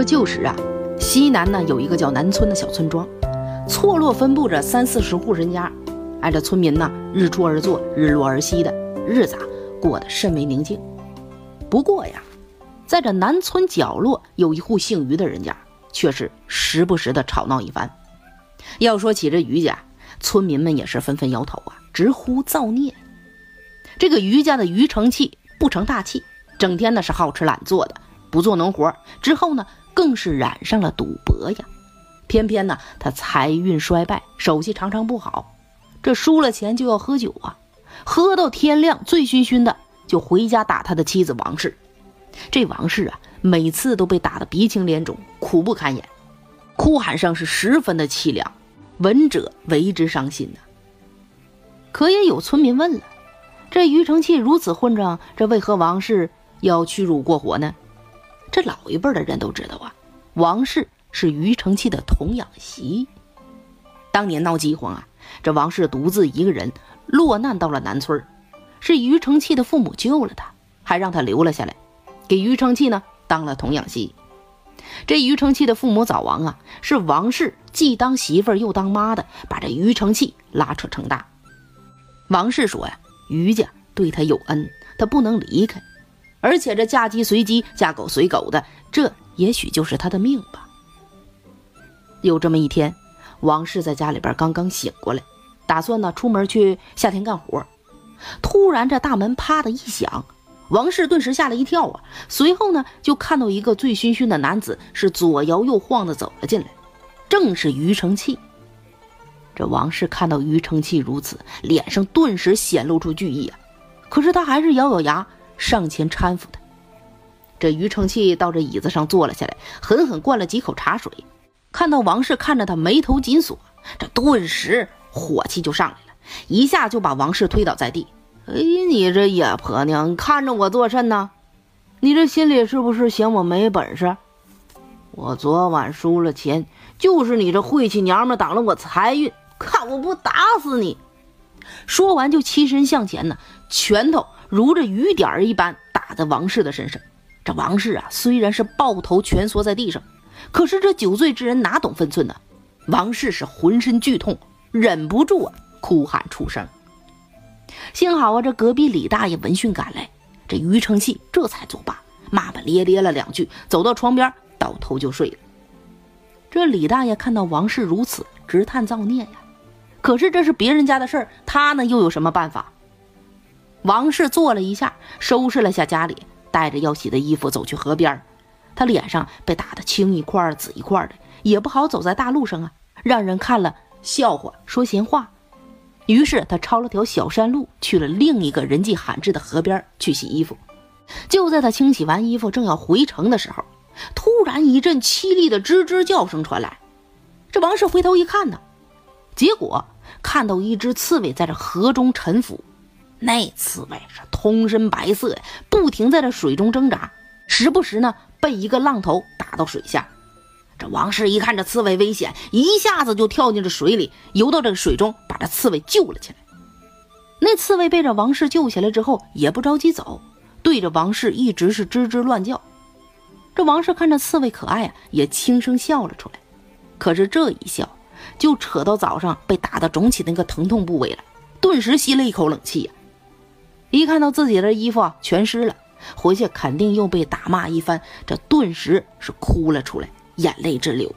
說舊時啊，西南呢有一個叫南村的小村莊，錯落分布着三四十戶人家。哎，這村民呢，日出而作，日落而息的日子啊，過得甚為寧靜。不過呀，在這南村角落有一戶姓於的人家，卻是時不時的吵鬧一番。要說起這於家，村民們也是紛紛搖頭啊，直呼造孽。這個於家的於成器不成大器，整天呢是好吃懶做的。不做農活之後呢，更是染上了賭博呀。偏偏呢，他財運衰敗，手氣常常不好，這輸了錢就要喝酒啊，喝到天亮，醉醺醺的就回家打他的妻子王氏。這王氏啊，每次都被打得鼻青臉腫，苦不堪言，哭喊聲是十分的淒涼，聞者為之傷心吶啊。可也有村民問了：這於成器如此混賬，這為何王氏要屈辱過活呢？這老一輩的人都知道啊，王氏是於承契的童養媳。當年鬧飢荒啊，這王氏獨自一個人落難到了南村，是於承契的父母救了他，還讓他留了下來，給於承契呢當了童養媳。這於承契的父母早亡啊，是王氏既當媳婦又當媽的，把這於承契拉扯成大。王氏說呀、啊，於家對他有恩，他不能離開。而且這嫁雞隨雞，嫁狗隨狗的，這也許就是他的命吧。有這麼一天，王氏在家裡邊剛剛醒過來，打算呢出門去下田幹活。突然這大門啪的一響，王氏頓時嚇了一跳啊！隨後呢就看到一個醉醺醺的男子是左搖右晃的走了進來，正是余成器。這王氏看到余成器如此，臉上頓時顯露出懼意啊！可是他還是咬咬牙，上前攙扶他，這余承器到這椅子上坐了下來，狠狠灌了幾口茶水。看到王氏看着他，眉頭緊鎖，這頓時火氣就上來了，一下就把王氏推倒在地。哎，你這野婆娘，看着我做甚呢？你這心裡是不是嫌我沒本事？我昨晚輸了錢，就是你這晦氣娘們擋了我財運，看我不打死你！說完就起身向前呢，拳頭。如這雨點兒一般打在王氏的身上，這王氏啊雖然是抱頭蜷縮在地上，可是這酒醉之人哪懂分寸呢？王氏是渾身劇痛，忍不住啊哭喊出聲。幸好啊，這隔壁李大爺聞訊趕來，這余承氣這才作罷，罵罵咧咧了兩句，走到床邊倒頭就睡了。這李大爺看到王氏如此，直嘆造孽呀。可是這是別人家的事兒，他呢又有什麼辦法？王氏坐了一下，收拾了下家裡，帶着要洗的衣服走去河邊。他臉上被打得青一塊紫一塊的，也不好走在大路上啊，讓人看了笑話，說閒話。於是他抄了條小山路，去了另一個人跡罕至的河邊去洗衣服。就在他清洗完衣服，正要回城的時候，突然一陣淒厲的吱吱叫聲傳來。這王氏回頭一看呢，結果看到一隻刺蝟在這河中沉浮。那刺蝟是通身白色呀，不停在這水中掙扎，時不時呢被一個浪頭打到水下。這王氏一看這刺蝟危險，一下子就跳進這水裡，游到這個水中把這刺蝟救了起來。那刺蝟被這王氏救起來之後，也不着急走，對着王氏一直是吱吱亂叫。這王氏看着刺蝟可愛啊，也輕聲笑了出來。可是這一笑，就扯到早上被打得腫起那個疼痛部位了，頓時吸了一口冷氣呀。一看到自己的衣服啊全濕了，回去肯定又被打罵一番，這頓時是哭了出來，眼淚直流。